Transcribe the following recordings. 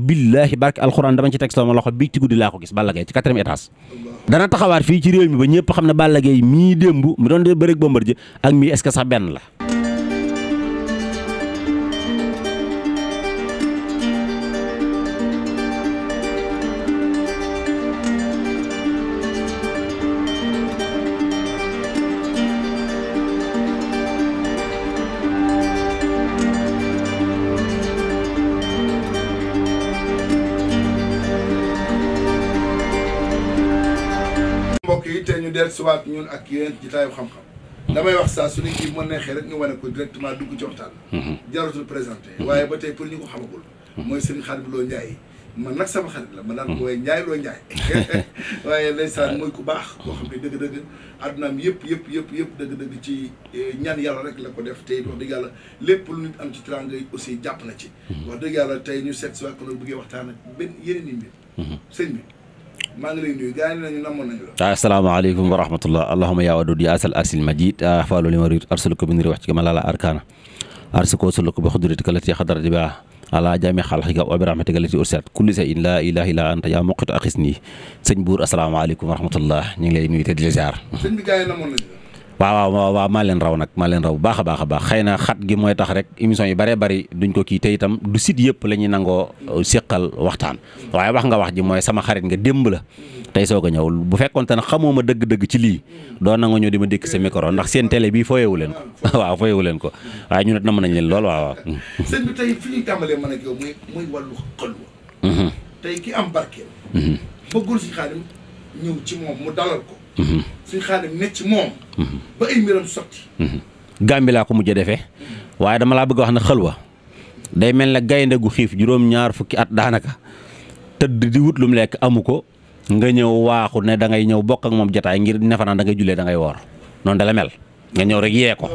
billaahi barke alxuraan dama ci teg sama loxo bii ci guddi laa ko gis Balla Gaye ci quatrième étage dana taxawaat fii ci réew mi ba ñëpp xam ne Balla Gaye mii démb mu doon dee bëreeg Bombardier ak mii est-ce sax benn la dellu siwaat ñun ak yeneen jitaayu xam-xam damay wax saa su ne moo ma neexee rek ñu wane ko directement dugg ci waxtaan mhm. jaratul présenté mhm. waaye ba tey pour ñu ko xamagul mhm. mooy sëriñ xarit loo Njaay man nag sama xarit la ma daan ko waaye Njaay loo Njaay waaye ndeysaan mooy ku baax koo xam ne dëgg-dëgg addunaam yëpp yëpp yëpp yëpp dëgg-dëgg ci eh, ñaan yàlla rek la ko def tey wax dëgg yàlla lépp lu nit am ci teraanga yi aussi jàpp na ci wax dëgg yàlla tey ñu seet si waa ko bëggee waxtaan ak benn yeneen i mbir sëñ maa ngi lay nuyu gars yi nañu namoon nañu la ah, asalaamaaleykum wa rahmatullah allahuma yaa wadud yaa asal ah, arsil majid afaalu lima rid arsaluka bi nuri wax ci kama lala arkana arsako suluka bi xudratika lati xadarati baa ala jaami xalxika wa bi rahmatika lati ursat kulli sa in laa ilaha illa anta yaa muqitu axis nii sëñ buur asalaamaaleykum wa rahmatullah ñu ngi lay nuyu te di la ziar waaw waaw maa leen raw nag maa leen raw bu baax a baax a na xat gi mooy tax rek émission yi bëree bëri duñ ko kii te itam du sit yëpp la ñuy nangoo euh, séqal waxtaan waaye wax nga wax ji mooy sama xarit nga démb la tey soog a ñëw bu fekkonte ne xamoo ma dëgg-dëgg ci lii doo nangoo ñëw di ma dékk sa micro ndax seen télé bi foyewu leen ko waaw foyewu leen ko waaye ñu net na mën nañ leen lool waaw ñëw ci mhm. ne ci moom. Mhm. ba ay mbiram sotti. Mhm. Gàmbi laa ko mujj a defee. waaye dama laa bëgg a wax ne xël wa day mel ne gaynde gu xiif juróom-ñaar fukki at daanaka tëdd di wut lu mu lekk amu ko nga ñëw waaxu ne da ngay ñëw bokk ak moom jotaay ngir nefanaan da ngay jullee da ngay woor noonu da mel. nga ñëw rek yee ko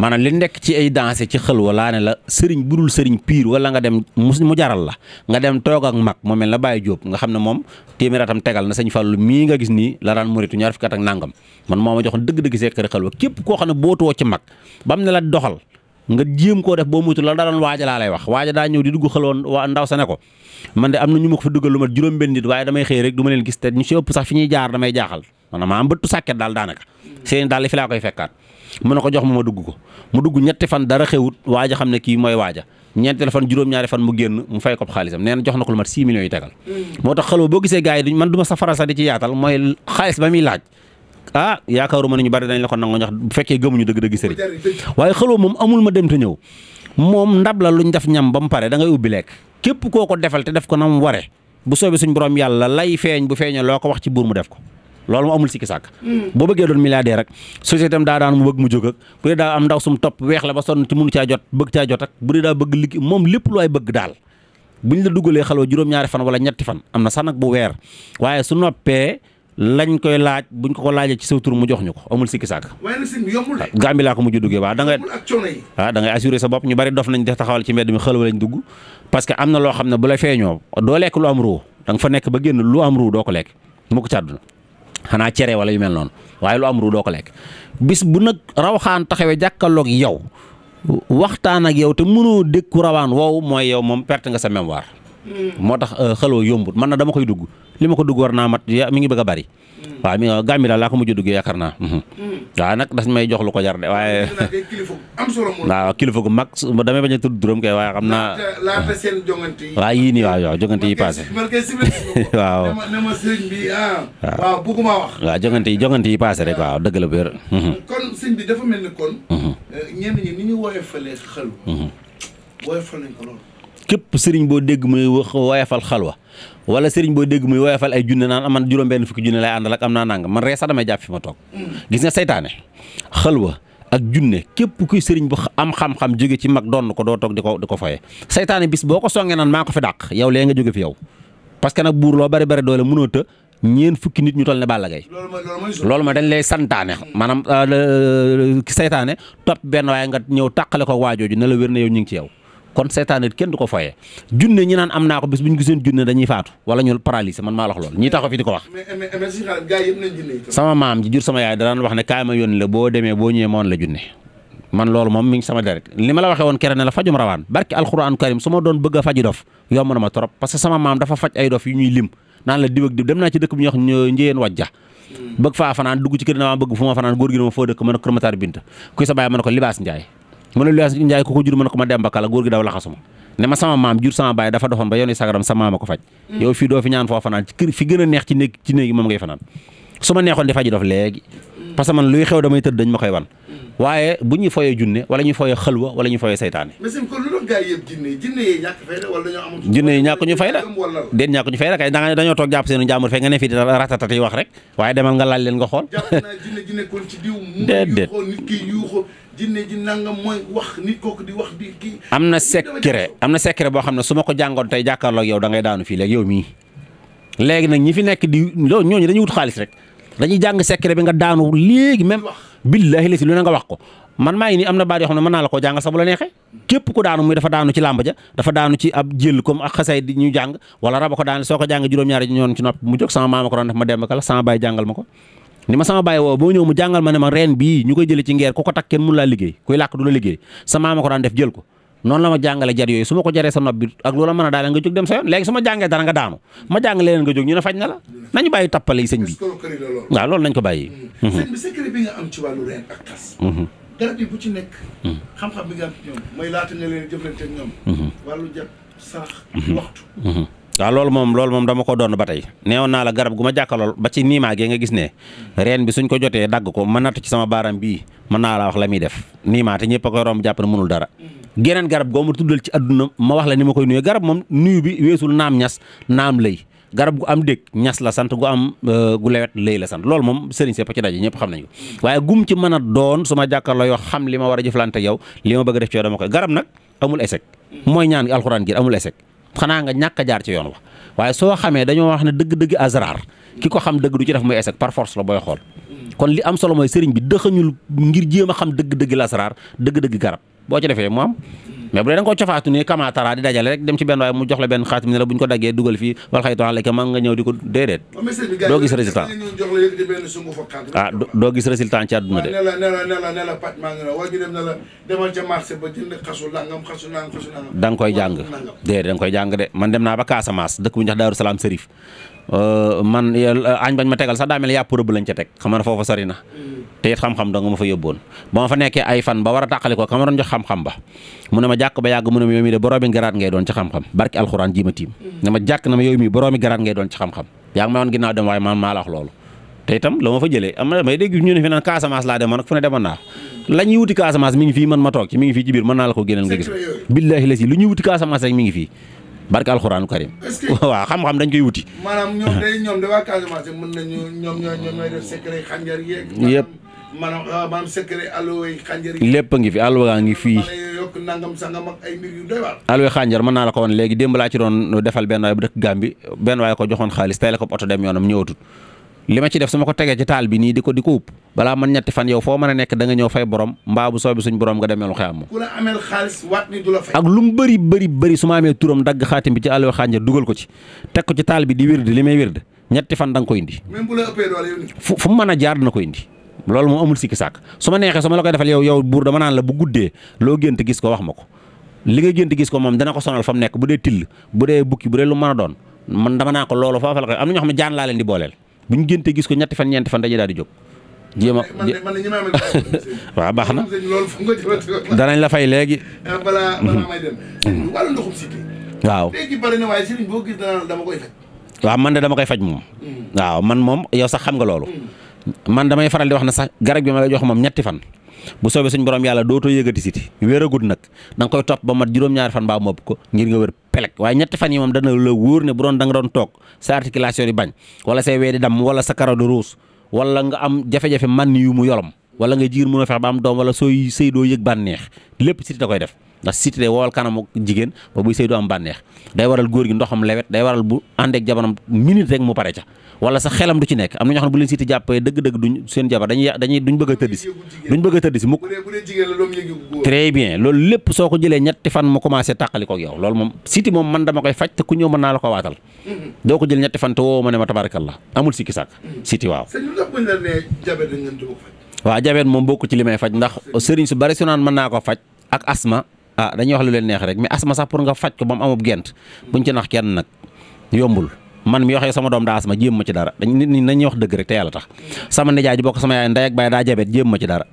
maanaam li nekk ci ay danse ci xël walaa ne la sëriñ bu dul sëriñ piir wala nga dem mu jaral la nga dem toog ak mag mu mel na Baye nga xam ne moom téeméeratam tegal na sëñ Fallou mii nga gis nii la daan muritu ñaar fukki at ak nàngam moo ma joxoon dëgg-dëgg sekkari xël wa képp koo xam ne bootoo ci mag bam ne la doxal nga jéem koo def boo muytu la daloon waaja laa lay wax waaja daa ñëw di dugg xëloon waa ndaw sa ne ko man de am na ñu ko fa duggal lu mat juróom benn nit waaye damay xëy rek du ma leen gis te ñu si ëpp sax fi ñuy jaar damay jaaxal maanaam maanaam ah, bëttu sàkket daal daanaka seen daal fi laa koy fekkaat mu ko jox ma ma dugg ko mu dugg ñetti fan dara xewut waaja xam ne kii mooy waaja ñeenteel fan ñaari fan mu génn mu fay ko xaalisam nee na jox na ko lu mat 6 millions yu tegal mm. moo tax xaloo boo gisee gars yi duñ man du ma sa faral sax di ci yaatal mooy xaalis ba muy laaj ah yaakaaruma ne ñu bari dañ la ko nangu ñax bu fekkee gëmuñu dëgg-dëgg sëriñ waaye xaloo moom amul ma dem te ñëw moom ndab la luñ def ñam ba mu pare dangay ngay ubbi lekk képp koo ko defal te def ko na mu ware bu soobee suñ borom yàlla lay feeñ bu feeñee loo ko wax ci buur mu def ko loolu mu amul sikki sàkk boo bëggee doon milliardaire rek société am daa daan mu bëgg mu jóg ak bu dee daa am ndaw sum topp weex la ba sonn ci mënu caa jot bëgg caa jot ak bu dee daa bëgg liggéey moom lépp looy bëgg daal buñ la dugalee xalwa juróom fan wala ñetti fan am na sax nag bu weer waaye su noppee lañ koy laaj buñ ko ko laajee ci saw tur mu jox ñu ko amul sikki sàkk gambi laa ko mujj duggee waa da ngay waaw da ngay sa bopp ñu bari dof nañ def taxawal ci mbedd mi xalwa lañ dugg parce que am na loo xam ne bu la feeñoo doo lekk lu am ruu da fa nekk ba génn lu am ruu doo ko lekk mu ko ci xanaa cere wala yu mel noonu waaye lu am ru doo ko lekk bis bu nag rawxaan taxawee jàkkaarloog yow waxtaan ak yow te mënoo dëkku rawaan wow mooy yow moom perte nga sa mémoire Mm. moo tax euh, xaloo yombut man na dama koy dugg li ma ko dugg war naa mat ya mi ngi bëgg a bari mm. waaw mi gàmmi daal laa ko mujj dugg yaakaar naa mm. mm-hmm. waaw nag dañ may jox lu ko jar de waaw kilifa gu mag damay bañ a tudd duram kay waaye xam naa waaw jongante yi passé ah. waaw waaw bugguma mm-hmm. kon sëñ bi dafa mel ni kon mm-hmm. euh, ñenn ñi ni ñu woyofale xalu képp sëriñ boo dégg muy wax woyafal xalwa wala sëriñ boo dégg muy woyafal ay junne naan man juróom-benn fukki junne lay àndal ak am naa nangam man ree sax damay jàpp fi ma toog gis nga saytaane xalwa ak junne képp kuy sëriñ bu am xam-xam jóge ci mag doon ko doo toog di ko di ko foye saytaane bis boo ko songee naan maa ko fi dàq yow lee nga jóge fi yow parce que nag buur loo bari bari doole mënoo të ñeen fukki nit ñu toll ne Balla Gaye loolu ma dañ lay santaane maanaam euh, euh, saytaane topp benn waaye nga ñëw tàqale ko waajooju ne la wér na yow ñu ngi ci yow kon seetaan it kenn du ko foyee junne ñi naan am naa ko bés bu ñu giseen junne dañuy faatu wala ñu paralysé man maa wax loolu ñi taxaw fi di ko wax. sama maam ji sama yaay daan wax ne kaay ma yónni la boo demee boo ñëwee moon la junne man loolu moom mi ngi sama deret li ma la waxee woon kere ne la fajum rawaan barki alxuraanu karim su ma doon bëgg a faji dof yomb na ma trop parce sama maam dafa faj ay dof yu ñuy lim naan la diw diw dem naa ci dëkk bu hmm. na ma bëgg fu a Kër a ko mu ne Luyaas Njaay ku ko jur mën ko ma Demba Ka la góor gi daw laxasuma ne ma sama maam jur sama baay dafa doxoon ba yoonu sagaram sa maama ko faj mm. yow fii doo fi ñaan foo fanaan fi gën a neex ci néeg ci néeg fanaan su neexoon di faji dof léegi parce que man luy xew damay tëdd dañ ma koy wan waaye bu ñu foyee junne wala ñuy foyee xëlwa wala ñu foyee saytaane junne yi ñàkk ñu fay da déet ñàkk ñu fay da kay danga dañoo toog jàpp seen jàmbur fee nga ne fii di ratatati wax rek waaye demal nga laaj leen nga xool déedéet jinne am na secret am na secret boo xam ne su ma ko jàngoon tey jàkkaarloo ak yow da ngay daanu fii léegi yow mii léegi nag ñi fi nekk di loolu ñooñu dañuy wut xaalis rek. dañuy jàng secret bi nga daanu léegi même billahi la si lu ne nga wax ko man maa ngi nii am na baat yoo xam ne mën naa la koo jàngal sax la neexee képp ku daanu muy dafa daanu ci làmb ja dafa daanu ci ab jël comme ak xasay di ñu jàng wala raba ko daan soo ko jàng juróom-ñaari ñoon ci nopp mu jóg sama maama ko def ma dem kala sama baay jàngal ma ko ni ma sama bàyyi woo boo ñëw mu jàngal ma ne ma reen bii ñu koy jëlee ci ngeer ku ko takk kenn mënu laa liggéey kuy làkk du la liggéey sama ko daan def jël ko noonu la ma jàngale jar yooyu su ma ko jaree sa nopp bi ak loola mën a daal nga jóg dem sa yoon léegi su ma jàngee dara nga daanu ma jàngale leen nga jóg ñu ne faj na la nañu bàyyi tappale yi sëñ bi waaw loolu ko bàyyi. sëñ loolu moom loolu moom dama ko doon ba tey neewoon naa la garab gu ma jàkkalool ba ci niimaa gee nga gis ne reen bi suñ ko jotee dagg ko ma natt ci sama baaram bii mën naa la wax la muy def niimaa te ñëpp a koy mënul dara mhm. geneen garab goo ma tuddal ci àdduna ma wax la ni ma koy nuyee garab moom nuyu bi weesul naam ñas naam lay garab gu am dégg ñas la sant gu am euh, gu lewet lay la sant loolu moom sëriñ Sepp ci daje ñëpp xam nañ ko waaye gum ci mën a doon su ma jàkkaarloo yoo xam li ma war a jëflante ak yow li ma bëgg def ci yow ko koy garab nag amul échec mooy ñaan gi alxuraan gi amul échec xanaa nga ñàkk jaar ci yoon wa waaye soo xamee dañoo wax ne dëgg-dëgg asrar ki ko xam dëgg du ci def muy échec par force la booy xool li am solo mooy sëriñ bi dëxañul ngir jéem a xam dëgg-dëgg lasaraar dëgg-dëgg garab boo ci defee mu mais bu dee da nga ko cofaatu nii kamaatara di dajale rek dem ci benn waaye mu jox la benn xaatim ne la bu ñu ko daggee dugal fii wala xëy na ma nga ñëw di ko déedéet. Oh, doo gis résultat ah, doo gis résultat ci àdduna nga koy jàng déedéet da nga koy jàng de man dem naa ba Casamance dëkk bu ñu jox Daaru Salaam Serif Euh, man euh, añ bañ ma tegal sax daa mel yàpp rëbb lañ ca teg xam na foofa sori na te it xam-xam danga ma fa yóbboon ba ma fa nekkee ay fan ba war a tàqali ko ka ma doon jox xam-xam ba mu ne ma jàkk ne ma yow mii de garaat ngay doon ci xam-xam barki alxuraan ji ma tiim waaye maa la loolu te itam la ma fa jëlee am may dégg ñu ne fi naan Casamance laa demoon ak fu ne demoon naa la ñuy wuti mi ngi fii man ma toog ci mi ngi fii ci biir barke alxuraanu karim. waaw xam-xam dañ koy wuti. maanaam ñoom day ñoom de ah, lépp a ngi fi allo gaa ngi fii. yokk nangam sangam ak yi xànjar mën naa la ko woon léegi démb laa ci doon defal benn waay bu dëkk Gàmbi benn waay ko joxoon xaalis tey ko oto dem yoonam ñëwatul li ma ci def su ma ko tegee ci taal bi nii di ko di ko upp balaa man ñetti fan yow foo mën a nekk da nga ñëw fay borom mbaa bu soobee suñ borom nga demeelu xew moom ak lu mu bari bëri bëri su ma amee turam dagg xaatim bi ci àllo xànja dugal ko ci teg ko ci taal bi di wérd li may wérd ñetti fan danga nga ko indi même bu la ëppee doole fu fu mu mën a jaar dina ko indi loolu moom amul sikki sàkk su ma neexee su ma la koy defal yow yow buur dama naan la bu guddee loo gént gis ko wax ma ko li nga gént gis ko moom dana ko sonal fa nekk bu dee bu dee bukki bu a doon man naa ko loolu faafa laa leen di booleel bu ñu géntee gis ko ñetti fan ñeenti fan dañuy daal di jóg. waaw baax na danañ la fay léegi. Ah, mhm. mhm. waaw léegi waaw man de dama koy faj moom. Mhm. waaw man moom yow sax xam nga loolu. man damay faral di wax na sax garab bi ma la jox moom ñetti fan. bu soobee suñ borom yàlla dootoo yëgati siti wéeragut nag da nga koy topp ba mat juróom-ñaari fan baa mopp ko ngir nga wér pelek waaye ñetti fan yi moom dana la wóor ne bu doon danga doon toog sa articulation yi bañ wala say wee di damm wala sa karaw di ruus wala nga am jafe-jafe man yu mu yolom wala nga jigéen mën a fex ba am doom wala sooy sëy doo yëg bànneex lépp siti da koy def ndax siti day wowal kanamu jigéen ba buy sëy doo am bànneex day waral góor gi ndoxam lewet day waral bu àndeek jabaram minute rek mu pare ca wala sax xelam du ci nekk am nu ñoo xam ne bu leen siiti jàppee dëgg-dëgg duñ seen jabar dañuy dañuy duñ bëgg a tëdd si duñ bëgg a tëdd si mukk très bien loolu lépp soo ko jëlee ñetti fan mu commencé tàqali ko ak loolu moom siiti moom man dama koy faj te ku ñëw mën naa la ko waatal mm-hmm. doo ko jël ñetti fan te woo ma ne ma tabarakallah amul sikki sàkk mm-hmm. siiti waaw waa jabet moom bokk ci li may faj ndax sëriñ su bari su naan mën naa ko faj ak asma ah dañuy wax lu leen neex mais asma sax pour nga faj ko ba mu gent buñ ci nax kenn nag yombul man mi waxee sama doom daa ma jéem ma ci dara dañ nit ñi wax dëgg rek te yàlla tax sama nijaay ji bokk sama yaay ndey ak daa jabet jéem ma ci dara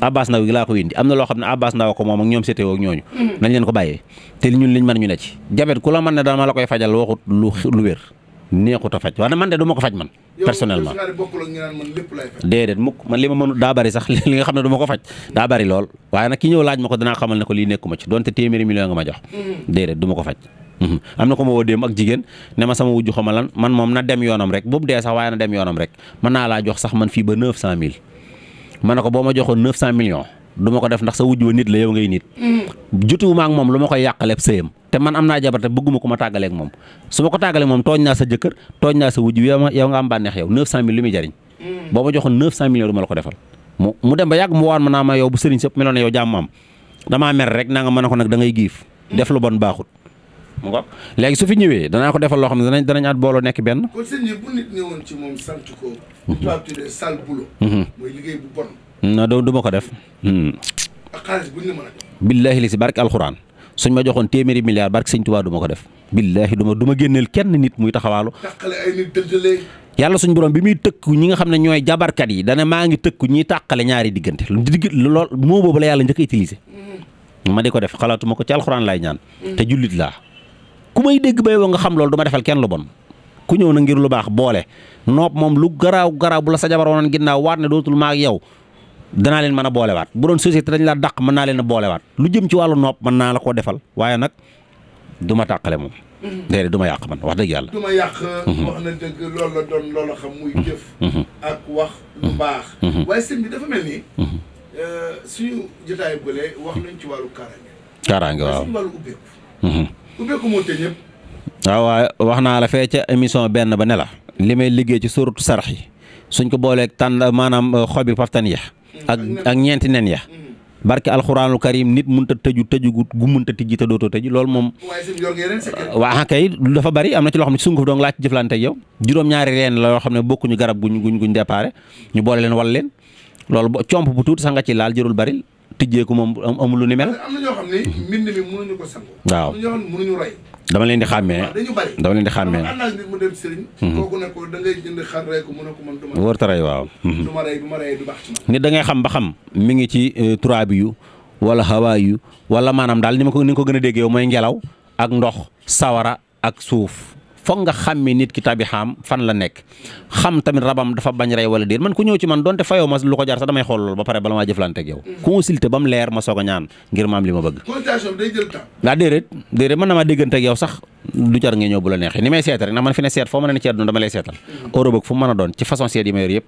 Abbas Ndaw gi laa ko indi am na loo xam ne Abbas Ndaw ko moom ak ñoom seetewoo ak ñooñu mm. nañ leen ko bàyyee te li ñun liñ mën ñu ne ci jabet ku la mën ne ma la koy fajal waxut lu lu wér neexut a faj waaye man de du ma ko faj man. personnellement déedéet mukk man li ma mënu daa bari sax li nga xam ne du ko faj. daa bari lool waaye nag ki ñëw laaj ma ko danaa xamal ne ko lii nekkuma ci donte téeméeri million nga ma jox. Mm-hmm. déedéet du ma ko faj. Mm-hmm. am na ko ma woo dem ak jigéen ne ma sama wujju xama lan man moom na dem yoonam rek boobu dee sax waaye na dem yoonam rek mën naa laa jox sax man fii ba 900000 ma ne ko boo ma joxoon 900 millions duma ko def ndax sa wujj wa nit la yow ngay nit mm. jotuwuma ak moom lu ma koy yàqaleeb sëyam te man am naa jabar te bëgguma ko ma tàggaleek moom su ma ko tàggaleeg moom tooñ naa sa jëkkër tooñ naa sa wujj yow nga am bànneex yow 900000 li muy jariñ mm. boo ma joxoon 900 millions du ma la ko ma naa ma yow bu sëriñ sëpp meloon na nga mën a ko nag da ngay giif mm. def lu bon baaxut mu ko su fi ñëwee danaa ko defal loo xam ne danañ danañ at booloo nekk benn. kon sëñ mm-hmm. mm-hmm. mooy liggéey bu bon. non du ma ko def. Hmm. a jox. billaahi li si barke alxuraan suñ ma joxoon téeméeri milliard barke sëñ Tuubaa du ma ko def. billaahi du ma du génneel kenn nit muy taxawaalu. yàlla suñ borom bi muy tëkk ñi nga xam ne ñooy jabarkat yi dana maa ngi tëkk ñiy tàqale ñaari diggante lu digg lool moo boobu la yàlla njëkk a utilisé. Mm-hmm. ma di ko def xalaatuma ko ci alxuraan laay ñaan. Mm-hmm. te jullit laa ku may dégg bay woo nga xam loolu du defal kenn lu bon. ku ñëw na ngir lu baax boole noob moom lu garaaw garaaw la sa jabar woon ginnaaw waat dootul maa yow danaa leen mën a boolewaat bu doon société dañ laa dàq mën naa leen boolewaat lu jëm ci wàllu nopp mën naa la ko defal waaye nag du ma tàqale moom. Mhm. déedéet du ma yàq man wax dëgg yàlla. du ma yàq. Mhm. wax waaw waaye wax naa la fee ca émission benn ba ne la. li may liggéey ci suratu sarax yi suñ ko booleeg tànn maanaam euh, xobi paftan ya ak ak ñeenti nen ya barke alxuraanul karim nit mënut a tëju tëju gu mënut a tijji te dootoo tëju loolu moom. waaw ah kay dafa bari am na ci loo xam ne sunguf dong laa ci jëflante yow juróom-ñaari reen la yoo xam ne bokkuñu garab guñ guñ guñ déparé ñu boole leen wal leen loolu bo comp bu tuuti sax nga ci laal jërul bari tijjeeku moom amul lu ni mel. waaw Ah, dama leen di xàmmee dama leen di xàmmee. wër ta waaw. Mhm. nit da ngay xam ba xam mi ngi ci euh, turaabi yu wala xawaa yu wala maanaam daal ni ma ko ni nga ko gën a déggee mooy ngelaw ak ndox sawara ak suuf. foog nga xàmmee nit ki tabixaam fan la nekk xam tamit rabam dafa bañ rey wala déet man ku ñëw ci man donte fayoo ma lu ko jar sax damay xool loolu ba pare bala maa jëflante ak yow. Mm. ba mu leer ma soog a ñaan ngir ma am li ma bëgg. consultation déedéet déedéet mën na maa déggante ak yow sax du jar nga ñëw bu la neexee ni may seet rek ndax man fi ne seet foo mën a ne ci àdduna dama lay seetal. Europe mm. ak fu mu a doon ci façon seet yi ma yor yëpp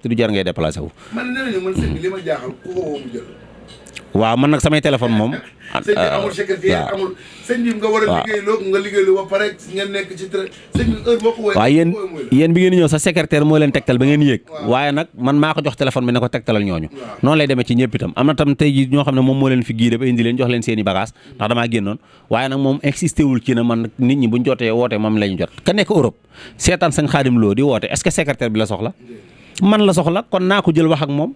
waaw man nag samay téléphone moom. sëñ bi ah, amul secrétaire amul. sëñ bi a liggéeyloo nga liggéeyloo ba pare ngeen nekk ci sëñ bi heure boo ko ñëw sa secrétaire moo leen tegtal ba ngeen yéeg. waaye nag man maa ko jox téléphone bi ne ko tegtalal ñooñu. noonu lay demee ci ñëpp itam am na tam tey jii ñoo xam ne moom moo leen fi gii ba indi leen jox leen seen i bagage ndax damaa génnoon waaye nag moom existé wul ci ne man nit ñi buñ jotee woote moom lañu jot. ka nekk Europe seetaan sañ Xaadim loo di woote est-ce que bi la soxla man la soxla kon naa ko jël wax ak moom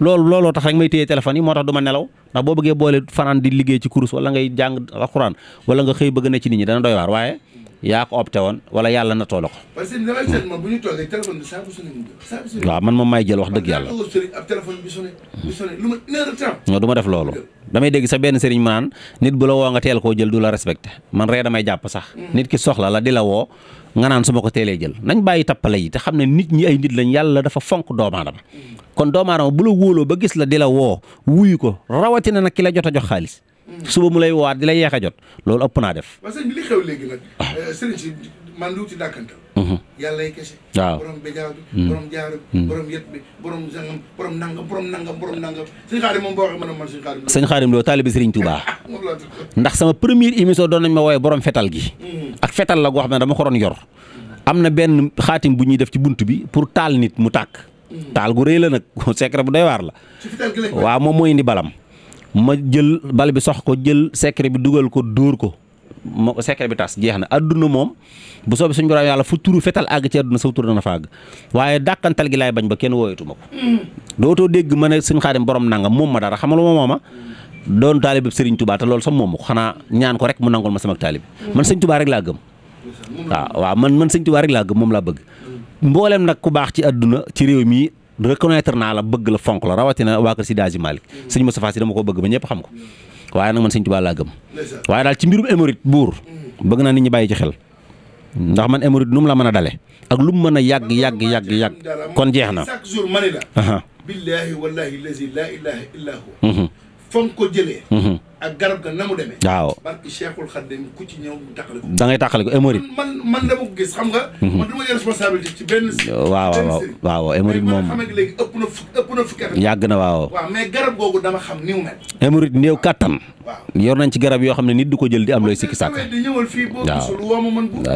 loolu looloo tax rek may téye téléphone yi moo tax du ma nelaw ndax boo bëggee boole fanaan di liggéey ci kurus wala ngay jàng alxuraan wala nga xëy bëgg na ci nit ñi dana doy waar waaye yaa ko opté woon wala yàlla na toolo ko. parce waaw man ma may jël wax dëgg yàlla. ab téléphone ma une def loolu. damay dégg sa benn sëriñ maan nit bu la woo nga teel koo jël du la respecté man ree damay jàpp sax. Mm. nit ki soxla la di la woo nga naan su ma ko teelee jël nañ bàyyi tappale yi te xam ne nit ñi ay nit lañ yàlla dafa fonk doomu aadama mm. kon doomu bu la wóoloo ba gis la di woo wuyu ko rawatina nag ki la xaalis suba mu lay waat di la yeex a jot loolu ëpp naa def. waaw sëñ bi li eh, man lu mhm. yàlla lay kese. waaw borom béjaa bi. Mhm. borom jaaro bi. Mhm. borom yet bi borom sangam borom nangam borom nangam borom nangam sëñ Xaadim moom boo loolu taalibi sëriñ Touba. ndax sama première émission doon nañ ma wooye boroom fetal gi. ak fetal la goo xam ne dama ko doon yor. am na benn xaatim bu ñuy def ci bunt bi pour taal nit mu tàkk. taal gu rëy la nag secret bu doy waar la. waaw moom moo indi balam ma jël bal bi sox ko jël secret bi dugal ko dóor ko ma secret bi tas jeex na adduna moom bu soobee suñu borom yàlla fu turu fetal àgg ci adduna saw tur dana fa àgg waaye dàqantal gi laay bañ ba kenn wooyatu ma ko. Mm. dootoo dégg ma ne suñu xaadim borom nangam moom ma dara xamal ma mooma doon taalib Serigne Touba te loolu sax moom ma xanaa ñaan ko rek mu nangul ma sama taalib mm. man Serigne Touba rek laa gëm. waaw waaw man man Serigne Touba rek laa gëm moom laa bëgg. Mm. mboolem nag ci adduna ci réew mi reconnaître naa la bëgg la fonk la rawatina waa kër si Daji Malick mm-hmm. sëñ Moustapha si dama ko bëgg ba ñëpp xam ko mm-hmm. waaye nag man sëñ Tuubaa laa gëm waaye daal ci mbirum émorite buur mm-hmm. bëgg naa nit ñi bàyyi ci xel ndax man émorite nu mu la mën a dale ak lu mu mën a yàgg yàgg yàgg yàgg kon jeex na billaahi wallaahi lazi laa ilaaha illaa ak garab ga na mu demee. waaw barki Cheikhul ko. da mhm. waaw waaw waaw moom na yàgg na waaw. waaw mais garab néew kattan. yor nañ ci garab yoo xam ne nit du ko jël di am looy sikki sàkk. waaw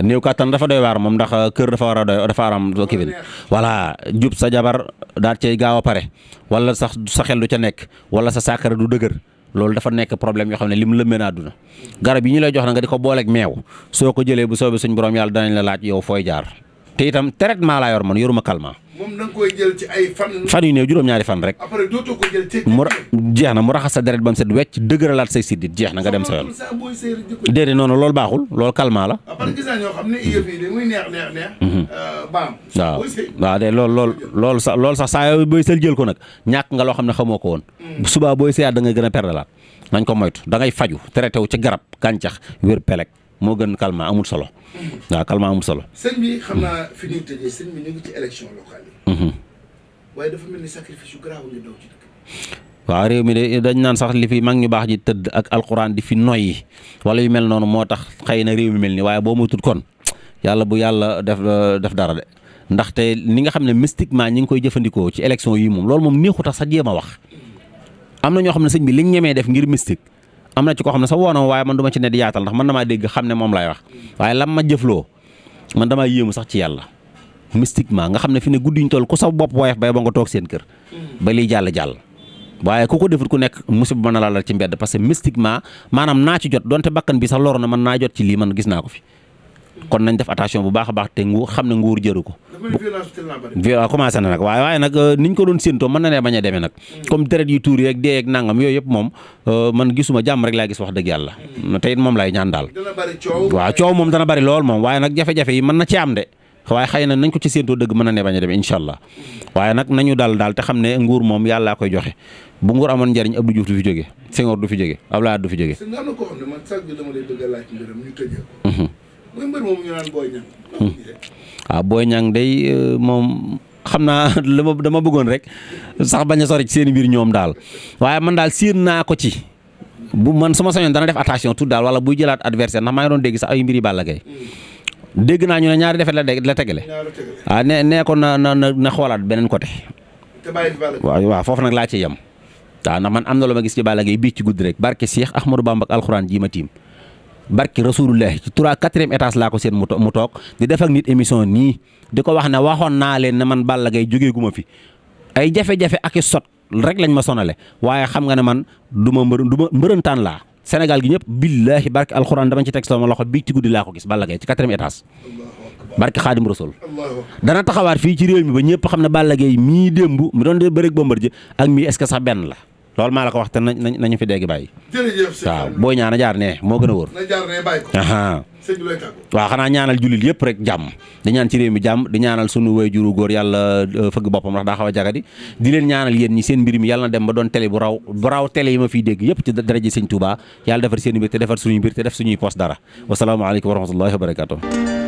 néew dafa doy waar moom ndax uh, kër dafa war a doy dafa aram kii bi voilà jub sa jabar daal cay gaaw a pare wala sax sa xel du ca nekk wala sa sàkkara du dëgër loolu dafa nekk problème yoo xam ne lim lëmbee naa duna garab yi ñu lay jox na nga di ko booleeg meew soo ko jëlee bu soobee suñ borom yàlla danañ la laaj yow fooy jaar te itam traitement laa yor man yoruma calmant moom da nga koy fan. yu néew juróom-ñaari fan rek. après dootoo jeex na mu raxas sa deret ba mu set wecc dëgëralaat say siddit jeex na nga dem sa yoon. déedéet noonu loolu baaxul lool calmant la. après mhm. euh, waaw waaw de loolu lool loolu sax loolu sax saa yoo booy sël jël ko nag ñàkk nga loo xam ne xamoo ko woon. Mm. subaa booy sëyaat da nga gën a perdalaat nañ ko moytu dangay faju traité wu ci garab gàncax wér pelek moo gën calmant amul solo. waaw calmant amul solo. Mhm. waaw réew mi de dañ naan sax li fi mag ñu baax ji tëdd ak alxuraan di fi noyyi wala yu mel noonu moo tax xëy na réew mi mel nii waaye boo moytuwul kon yàlla bu yàlla def def dara de ndaxte ni nga xam ne mystiquement ñi ngi koy jëfandikoo ci élection yi moom loolu moom neexut a sax jéem a wax am na ñoo xam ne sëñ bi li ñemee def ngir mystique am na ci koo xam ne sa woon na waaye man du ma ci ne di yaatal ndax man damaa dégg xam ne moom laay wax waaye lam ma jëfloo man damaa yéemu sax ci yàlla mystiquement nga xam ne fi ne guddi ku sa bopp woyof bay ba nga toog seen kër. ba jàll jàll. waaye ku ko defut ku nekk musiba mën na laa dal ci mbedd parce que mystiquement maanaam naa ci jot donte bakkan bi sax lor na mën naa jot ci lii man gis naa ko fi. kon nañ def attention bu baax a baax te nguur xam ne nguur jëru ko. waaw na nag waaye waaye nag euh, niñ ko doon séentoo mën na nee bañ a demee nag. Mm. comme deret yu tuuri rek dee ak nangam yooyu yëpp moom euh, man gisuma jàmm rek laa gis wax dëgg yàlla. Mm. te it moom laay ñaan daal. waaw coow moom dana bari lool moom waaye nag jafe-jafe yi man na ci am de. waaye xëy na nañ ko ci séentoo dëgg mën na ne bañ a demee incha allah mm. waaye nag nañu daal daal te xam ne nguur moom yàllaa koy joxe bu nguur amoon njariñ Abdou Diouf du fi jóge Senghor du fi jóge Abdoulaye du fi jóge mooy booy moom ñu hmm. ah, day euh, moom xam naa la ma dama bëggoon rek sax bañ a sori ci biir ñoom daal waaye man daal séen naa ko ci. bu man sama sañoon dana def attention tout daal wala buy jëlaat adversaire ndax maa ngi doon dégg sax ay mbiri Balla Gaye hmm. dégg naa ñu ne ñaari defet la la tegale waaw ah, nee ko na na na xoolaat beneen côté waa waaw foofu nag laa ci yem waaw ah, ndax man am na lu ma gis ci Balla Gaye bii ci guddi rek barke Cheikh Ahmadou Bamba ak alxuraan jiima tiim barki rasulullah ci trois quatrième étage laa ko seen mu mu toog di def ak nit émission nii di ko wax ne waxoon naa leen ne man Balla Gaye jógee gu ma fi ay jafe-jafe ak i sot rek lañ ma sonale waaye xam nga ne man du ma mbër du ma mbërëntaan laa Sénégal gi ñëpp billaahi barki alxuraan dama ci teg ma loxo bii ci guddi laa ko gis Balla Gaye ci quatrième étage barki xaadim rasul dana taxawaat fii ci réew mi ba ñëpp xam ne Balla Gaye mii démb mi doon dee bëreeg Bombardier ak mii est-ce que sax benn la. loolu maa la ko wax te nañ nañu fi dégg bàyyi. jërëjëf waaw boo ñaan jaar nee moo gën a wóor. na xanaa ñaanal jullit yëpp rek jàmm di ñaan ci réew mi jàmm di ñaanal sunu wayjuru góor yàlla euh, fëgg boppam ndax daa xaw a jagadi di leen ñaanal yéen ñi seen mbir mi yàlla na dem ba doon télé bu raw bu raw télé yi ma fiy dégg yëpp ci daraja sëñ Touba yàlla defar seen mbir te defar suñuy mbir te def suñuy post dara wasalaamaaleykum wa rahmatullahi wa barakatuh